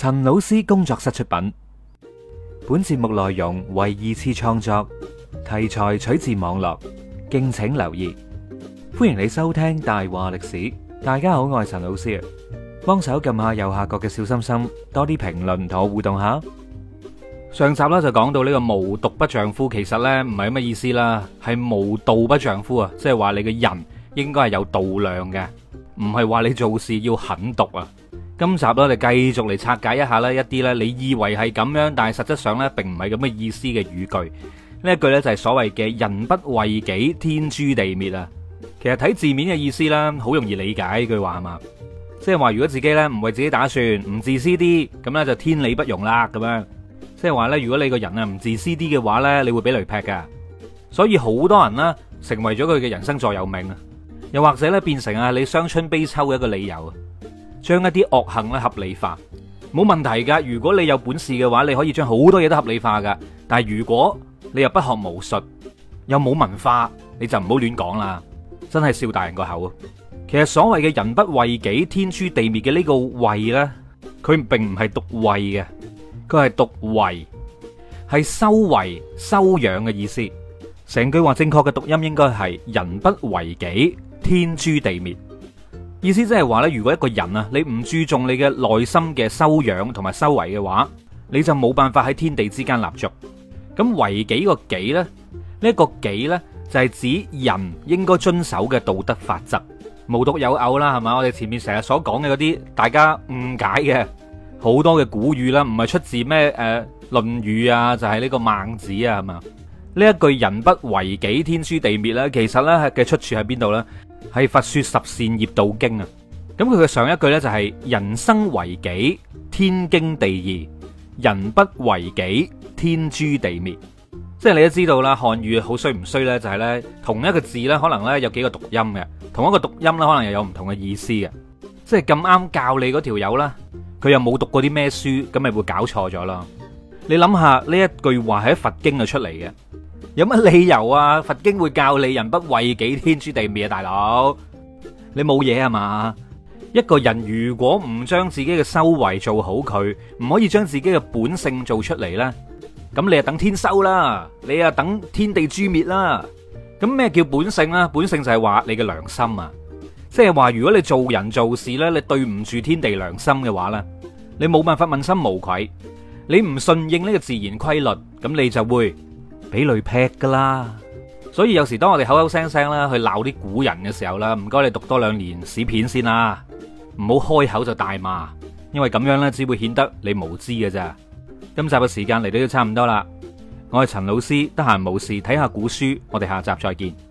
陳老師工作室出品，本節目內容為二次創作，題材取自網絡，敬請留意。歡迎你收聽《大話歷史》，大家好，我係陳老師，幫手撳下右下角嘅小心心，多啲評論同我互動下。上集啦就講到呢個無毒不丈夫，其實呢唔係咩意思啦，係無道不丈夫啊，即係話你嘅人應該係有度量嘅，唔係話你做事要狠毒啊。今集我哋繼續嚟拆解一下咧一啲咧你以為係咁樣，但係實質上咧並唔係咁嘅意思嘅語句。呢一句咧就係所謂嘅人不為己，天誅地滅啊！其實睇字面嘅意思啦，好容易理解呢句話係嘛？即係話如果自己咧唔為自己打算，唔自私啲，咁咧就天理不容啦。咁樣即係話咧，如果你個人啊唔自私啲嘅話咧，你會俾雷劈噶。所以好多人呢成為咗佢嘅人生座右銘啊，又或者咧變成啊你傷春悲秋嘅一個理由啊。將一啲惡行咧合理化，冇問題噶。如果你有本事嘅話，你可以將好多嘢都合理化噶。但係如果你又不學無術，又冇文化，你就唔好亂講啦。真係笑大人個口。其實所謂嘅人不為己，天誅地滅嘅呢個為呢，佢並唔係讀為嘅，佢係讀為，係修為、修養嘅意思。成句話正確嘅讀音應該係人不為己，天誅地滅。意思即係話呢，如果一個人啊，你唔注重你嘅內心嘅修養同埋修為嘅話，你就冇辦法喺天地之間立足。咁為己個己呢，呢個己呢，就係指人應該遵守嘅道德法則。無獨有偶啦，係嘛？我哋前面成日所講嘅嗰啲大家誤解嘅好多嘅古語啦，唔係出自咩誒、呃《論語》啊，就係呢個孟子啊，係嘛？呢一句人不為己，天誅地滅咧，其實咧嘅出處喺邊度咧？係佛説十善業道經啊。咁佢嘅上一句咧就係人生為己，天經地義；人不為己，天誅地滅。即係你都知道啦，漢語好衰唔衰咧？就係咧，同一個字咧，可能咧有幾個讀音嘅；同一個讀音咧，可能又有唔同嘅意思嘅。即係咁啱教你嗰條友啦，佢又冇讀過啲咩書，咁咪會搞錯咗咯。你諗下呢一句話係喺佛經啊出嚟嘅。有乜理由啊？佛經會教你人不為己，天誅地滅啊！大佬，你冇嘢啊嘛？一個人如果唔將自己嘅修為做好，佢唔可以將自己嘅本性做出嚟呢，咁你啊等天收啦，你啊等天地誅滅啦。咁咩叫本性啊？本性就係話你嘅良心啊，即係話如果你做人做事呢，你對唔住天地良心嘅話呢，你冇辦法問心無愧，你唔順應呢個自然規律，咁你就會。俾雷劈噶啦，所以有時當我哋口口聲聲啦去鬧啲古人嘅時候啦，唔該你讀多兩年史片先啦，唔好開口就大罵，因為咁樣呢，只會顯得你無知嘅咋。今集嘅時間嚟到都差唔多啦，我係陳老師，得閒無事睇下古書，我哋下集再見。